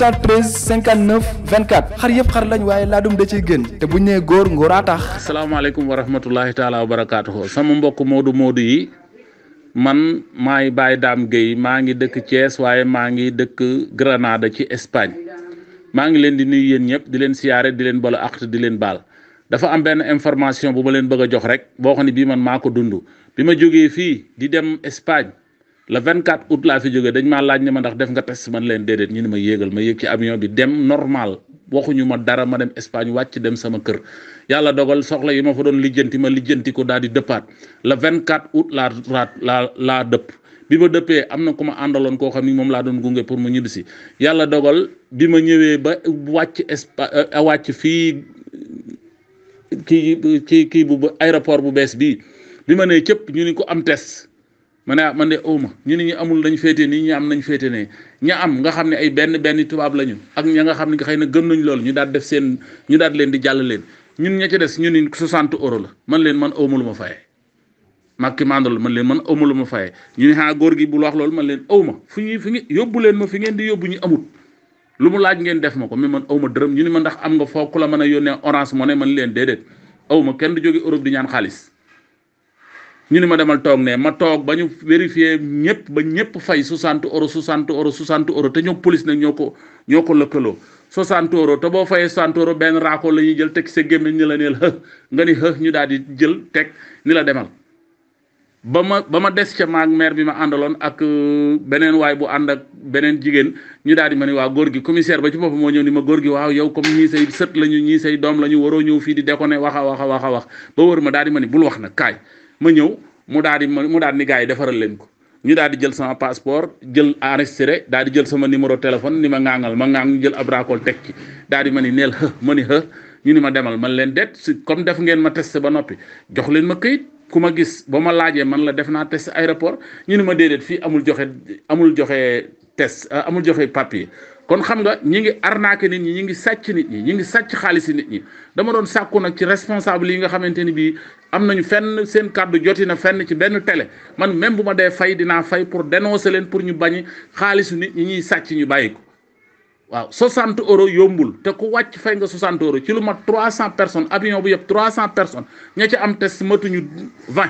713 59 24 xar yëpp xar lañ waaye laadum da ciy gën te bu ñu nee góor ngóoraa tax. asalaamaaleykum wa rahmatulahi taalaa wa barakaatuhu sama mbokk Modou Modou yi man maay Baye daam Gueye maa ngi dëkk Thiès waaye maa ngi dëkk Granada ci Espagne maa ngi leen di nuyu yéen ñëpp di leen siyaare di leen bala akt di leen baal. dafa am benn information bu ma leen bëgg jox rek boo xam ne bii man maa ko dund bi ma jógee fii di dem Espagne le 24 août laa fi jóge dañ maa laaj ne ma ndax def nga test man leen déedéet ñu ne ma yéegal ma yéeg ci avion bi dem normal waxuñu ma dara ma dem Espagne wàcc dem sama kër yàlla dogal soxla yi ma fa doon lijjanti ma lijjanti ko daal di dëppaat vingt 24 août la raat la laa dëpp bi ma dëppee am na ku ma àndaloon koo xam ni moom laa doon gunge pour mu ñibbisi yàlla dogal bi ma ñëwee ba wàcc Espagne euh, wàcc fii kii ki kii bu aéroport bu bees bii bi ma nee cëpp ñu ni ko am test. man ne ah, man de awma ñu ni ñu amul lañ féete nii ñu am nañ féete ne ña am nga xam ne ay benn benn tubaab lañu ak ña nga xam ne xëy na gëm nañ loolu ñu daal def seen ñu daat leen di jàll leen ñun ña ca des ñu ni 60 euro la man leen man awma lu ma faye màkki mandol man leen man awma ma faye ñu ni xaa ah, góor gi bul wax loolu man leen awma fu ñu fi ngi yóbbu leen ma fi ngeen di yóbbu ñu amut lu mu laaj ngeen def ma ko mais man awma dërëm ñu ni ma ndax am nga fooku la mën a yónnee orange moo ne man leen déedéet awma kenn du jóge Europe di ñaan xaalis ñu ni ma demal toog ne ma toog ba ñu vérifier ñëpp ba ñëpp fay su sant su sant 60 su sant euros te ñoom police nag ñoo ko ñoo ko lëkkaloo 60 te boo fayee 60 euros benn raako la ñuy jël teg sa gémmiñ ni la neel nga ni ñu daal di jël teg ni la demal ba ma ba ma des ca maag maire bi ma àndaloon ak euh, beneen waay bu ànd ak beneen jigéen ñu daal di ma ni waa góor gi commissaire ba ci boppam moo ñëw ni ma góor gi waaw yow comme ñii sët la ñu doom la ñu waroo ñëw fii di déconné waxa waxa waxa wax ba wër ma daal di ma ni bul wax nag kaay ma ñëw mu daal di mu daal ni gars yi defaral leen ko ñu daal jël sama passeport jël enregistré daal jël sama numéro téléphone ni ma ŋaangal ma ŋaang ñu jël ab raakool teg daal di ma ni neel xë ma ni xë ñu ni ma demal man leen det si comme def ngeen ma testé ba noppi jox leen ma këyit ku ma gis ba ma laajee man la def naa test aéroport ñu ni ma déedéet fii amul joxe amul joxe test ah, amul joxe papier kon xam nga ñi ngi arnaqué nit ñi ñi ngi sàcc nit ñi ñi ngi sàcc xaalis nit ñi am nañu fenn seen kaddu joti na fenn ci benn tele man même bu ma dee fay dinaa fay pour dénoncer leen pour ñu bañ xaalisu nit ñi ñuy sàcc ñu bàyyi ko waaw 60 euro yombul te ku wàcc fay nga 60 euros ci lu mat 300 personnes avion bu trois 300 personnes ña ca am test matuñu 20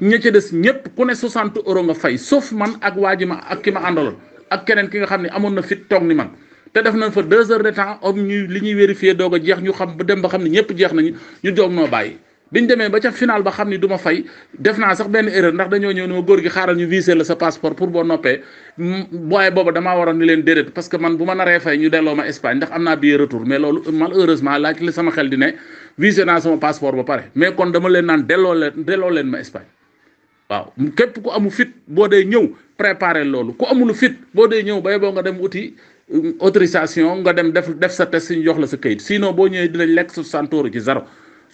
ña ca des ñëpp ku ne 60 euro nga fay sauf man ak waa ji ma ak ki ma àndaloon ak keneen ki nga xam ne amoon na fit toog ni man. te def nañ fa deux heures de temps om li ñuy vérifier doog a jeex ñu xam ba dem ba xam ne ñëpp jeex nañu ñu doog noo bàyyi. biñ demee ba ca final ba xam ni duma ma fay def naa sax benn erreur ndax dañoo ñëw ne ma góor gi xaaral ñu visé la sa passeport pour boo noppee mm, booye booba damaa waroon ni leen déedéet parce que man bu ma naree fay ñu delloo ma Espagne ndax am naa billet retour mais loolu malheureusement laaj li sama xel di ne visé naa sama passeport ba pare mais kon dama leen naan delloo leen leen ma Espagne waaw képp ku amul fit boo dee ñëw préparer loolu ku amulu fit boo dee ñë bay boo nga dem uti mm, autorisation nga dem def def sa test ñu jox la sa kayit sinon boo ñëwee dinañ lekk su santoor ci zéro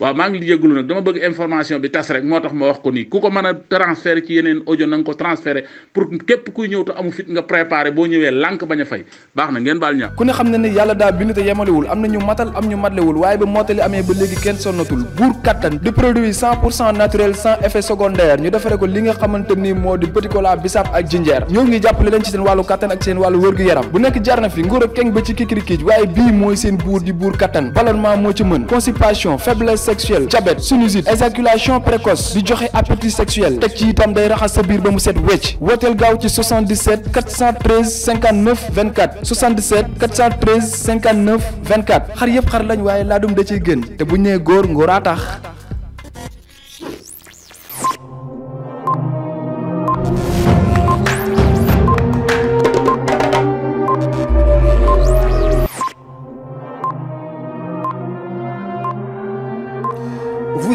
waaw maa ngi jégalu nag dama bëgg information bi tas rek moo tax ma wax ko nii ku ko mën a transféré ci yeneen audio na ko transféré pour képp kuy ñëw te amu fit nga préparé boo ñëwee lànk bañ fay baax na ngeen baal ñaax. ku ne xam na ni yàlla daa bind te yemalewul am na ñu matal am ñu matlewul waaye ba mottali amee ba léegi kenn sonnatul buur kattan di produit cent pour cent naturel sans effet secondaire ñu defaree ko li nga xamante sexuelle diabète sinusite éjaculation précoce di joxe appétit sexuel teg ci itam day raxas sa biir ba mu set wecc wooteel gaaw ci 77 413 59 24 77 413 59 24 xar yëpp xar lañ waaye laa dum da ciy gën te bu ñu góor ngóoraa